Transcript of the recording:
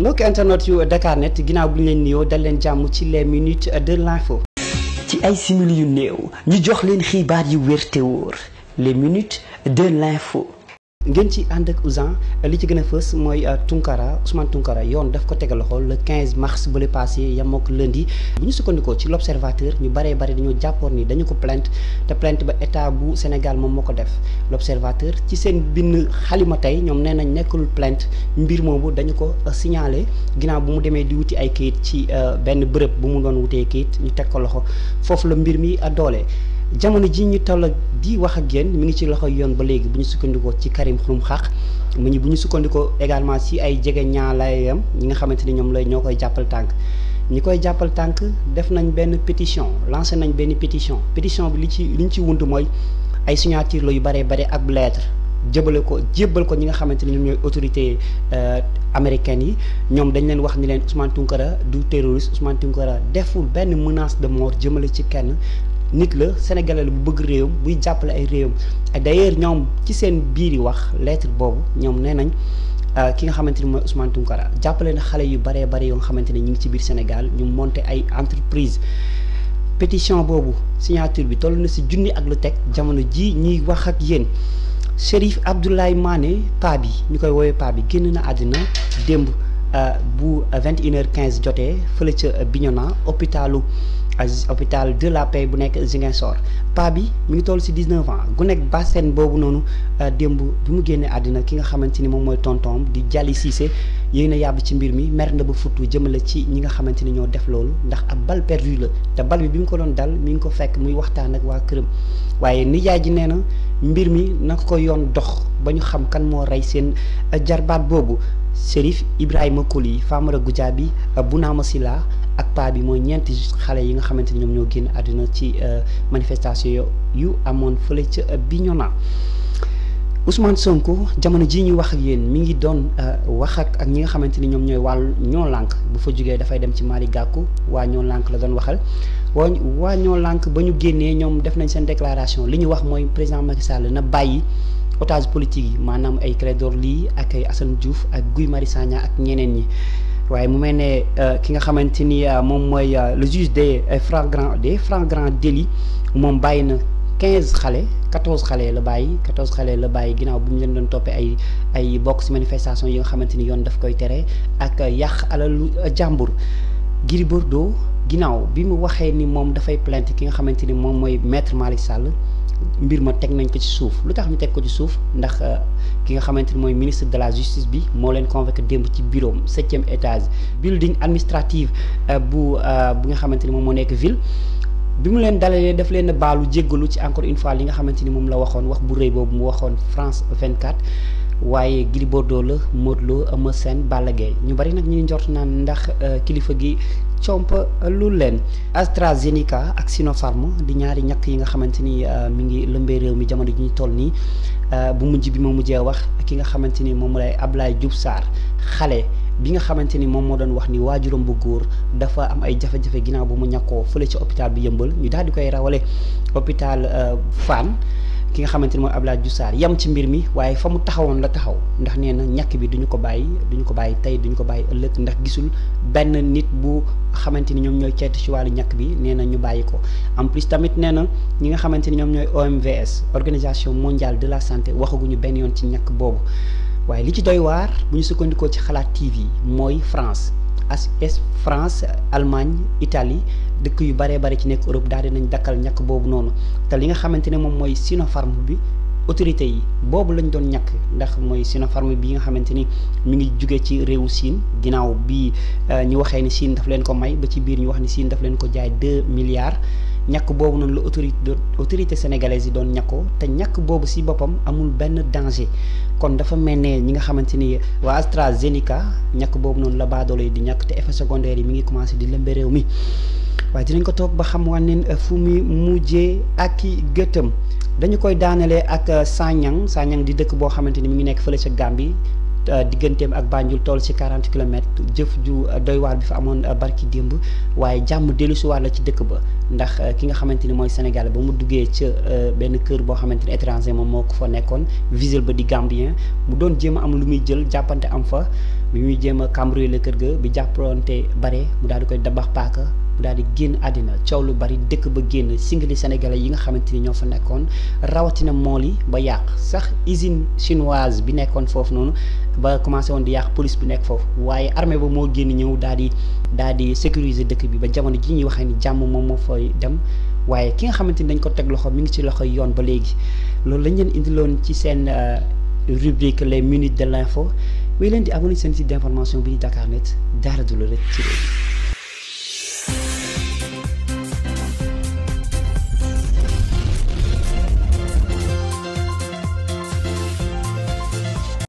mbokk internet yu Dakar Net ginnaaw bu ñu leen nuyoo dal leen jàmm ci les minutes de l'info ci ay simili yu néew ñu jox leen xibaar yu wér te wóor les minutes de l'info ngeen ci ànd ak Ouzin li ci gën a fës mooy euh, Tunkara Ousmane Tunkara yoon daf ko tegal loxo le 15 mars ba le passé yam ak lundi ñu sukkandikoo ci l'observateur ñu baree bari dañoo jàppoon ni dañu ko plainte te plainte ba état bu Sénégal moom moo ko def l'observateur ci seen binn xalima tey ñoom nee nañ nekkul plainte mbir moomu dañu ko euh, signalé ginnaaw bu mu demee di wuti ay kayit ci euh, benn bërëb bu mu doon wutee kayit ñu teg ko loxo foofu la mbir mi doole. jamono ji ñu toll di wax ak yéen mu ngi ci loxo yoon ba léegi bu ñu sukkandikoo ci Karim Xrum Xax mu bu ñu sukkandikoo également si ay jege ñaalayam ñi nga xamante ni ñoom lay ñoo koy jàppal tànk ñi koy jàppal tànk def nañ benn pétition lancé nañ benn pétition pétition bi li ci li ñu ci wund mooy ay signature la yu bare bare ak lettre jëbale ko jëbal ko ñi nga xamante ni ñoom ñooy autorité euh, américaine yi ñoom dañ leen wax ni leen Ousmane Tounkara du terroriste Ousmane Tounkara deful benn menace de mort jëmale ci kenn nit la sénégalais bu bëgg réew buy jàppale ay réew et ñoom ci seen biir yi wax lettre boobu ñoom nee nañ euh, ki nga xamante ni mooy Ousmane Tounkara jàppale na xale yu baree bare yoo nga xamante ne ñu ngi ci biir Sénégal ñu monter ay entreprise pétition boobu signature bi toll na si junni ak lu teg jamono ji ñuy wax ak yéen Chérif Abdoulaye Mané paa bi ñu koy woowee paa bi génn na àddina démb euh, bu vingt et quinze jotee fële ca Bignona hôpitalu hôpital de la paix bu nekk Ziguinchor pa bi mi ngi toll si 19 ans gu nekk basseen boobu noonu euh, démb bi mu génnee àddina ki nga xamante ni moom mooy tonton di Jali Cissé yéeg na yàbb ci mbir mi mer na ba futtu la ci ñi nga xamante ni ñoo def loolu ndax ab bal perdu la te bal bi bi mu ko doon dal mi ngi ko fekk muy waxtaan ak waa këram waaye nijaay ji nee na mbir mi na ko yoon dox ba ñu xam kan moo rey seen euh, jarbaat boobu Chérif Ibrahima Koli Famara Goudiaby ma Silla ak pa bi mooy ñeenti xale yi nga xamante ni ñoom ñoo génn àdduna ci euh, manifestation yu amoon fële ca euh, Bignona Ousmane Sonko jamono ji ñuy wax ak yéen mi ngi doon euh, wax ak ak ñi nga xamante ni ñoom ñooy wàllu ñoo lànk bu fa jógee dafay dem ci Mali Gakou waa ñoo lànk la doon waxal waa waa ñoo lànk ba ñu génnee ñoom def nañ seen déclaration li ñu wax mooy président Macky Sall na bàyyi otage politique yi maanaam ay Clédor lii ak ay Assane Diouf ak Guy Marius Sagna ak ñeneen ñi waaye mu mel ne euh, ki nga xamante ni euh, moom mooy euh, le juge des flagrants des flagrants délits moom bàyyi na quinze xale quatorze xale la bàyyi quatorze xale la bàyyi ginnaaw bu ñu leen doon toppee ay ay bokk ci manifestation yi nga xamante ni yoon daf koy tere ak yàq alalu jàmbur Gris Bordeaux ginnaaw bi mu waxee ni moom dafay plainte ki nga xamante ni moom mooy maître Malick Sall mbir ma teg nañ ko ci suuf lu tax ñu teg ko ci suuf ndax euh, ki nga xamante ni mooy ministre de la justice bi moo leen convoqué démb ci bureau am septième étage building administrative euh, bu euh, bu nga xamante ni moom moo nekk ville bi mu leen dalalee daf leen baalu jéggalu ci encore une fois li nga xamante ni moom la waxoon wax bu rëy boobu mu waxoon France 24 waaye Gris Bordeaux la Modou Lo Eumeu Sène Balla ñu bari nag ñu njort naan ndax kilifa gi comp euh, lu leen AstraZeneca ak Sinopharm di ñaari ñàkk yi nga xamante ni euh, mi ngi lëmbee réew mi jamono ji ñu toll nii euh, bu mujj bi ma mujjee wax ki nga xamante ni moom lay Ablaye Diouf xale bi nga xamante ni moom moo doon wax ni waajuram bu góor dafa am ay jafe-jafe ginnaaw bu mu ñàkkoo fële ci hôpital bi yëmbal ñu daal di koy rawale hôpital Fann ki nga xamante ni mooy Abdoulaye Diouf Sarr yam ci mbir mi waaye fa mu taxawoon la taxaw ndax nee na ñàkk bi duñu ko bàyyi duñu ko bàyyi tey duñu ko bàyyi ëllëg ndax gisul benn nit bu xamante ni ñoom ñooy ceetu ci wàllu ñàkk bi nee na ñu bàyyi ko en plus tamit nee na ñi nga xamante ni ñoom ñooy OMVS organisation mondial de la santé waxaguñu benn yoon ci ñàkk boobu waaye li ci doy waar bu ñu sukkandikoo ci xalaat TV mooy France as es France Allemagne Italie dëkk yu baree bari ci nekk Europe daal di nañ dakkal ñàkk boobu noonu te li nga xamante ne moom mooy Sinopharm bi autorité yi boobu lañ doon ñàkk ndax mooy Sinopharm bi nga xamante ni mi ngi jóge ci réewu Chine ginnaaw bi euh, ñu waxee ni Chine daf leen ko may ba ci biir ñu wax ni siin daf leen ko jaay deux milliards. ñàkk boobu noonu la autorité autorité sénégalaise yi doon ñàkkoo te ñàkk boobu si boppam amul benn danger kon dafa mel ne ñi nga xamante ni waa AstraZeneca ñàkk boobu noonu la baadoolo yi di ñàkk te effa secondaire yi mi ngi commencé di lëmbe réew mi waaye dinañ ko toog ba xam wànneen euh, fu mu mujjee ak i gëtëm dañu koy daanelee ak euh, Sanyang Sanyang di dëkk boo xamante ni mi ngi nekk fële ca bi Euh, digganteem ak Banjul toll ci quarante kilomètres jëf ju euh, doy waar bi fa amoon euh, barki démb waaye jàmm dellusiwaat la ci dëkk ba ndax ki nga xamante ni mooy Sénégal ba mu duggee ca benn kër boo xamante ni étranger moom moo ko fa nekkoon visel ba di Gambien mu doon jéem a am lu muy jël jàppante am fa bi muy jéem a cambrioler kër ga bi jàppante bare mu daal di koy dabax paaka. daal di génn àddina coow lu bari dëkk ba génn singli sénégalais yi nga xamante ni ñoo fa nekkoon rawatina mool yi ba yàq sax usine chinoise bi nekkoon foofu noonu ba commencé woon di yàq police bi nekk foofu waaye armée ba moo génn ñëw daal di daal di sécuriser dëkk bi ba jamono ji ñuy waxee ni jàmm moom moo fooy dem waaye ki nga xamante ni dañ ko teg loxo mi ngi ci loxo yoon ba léegi loolu lañ leen indiloon ci seen euh, rubrique les minutes de l'info wéy leen di abonné seen site d'information bi di Dakarnet du la rëcc ci réew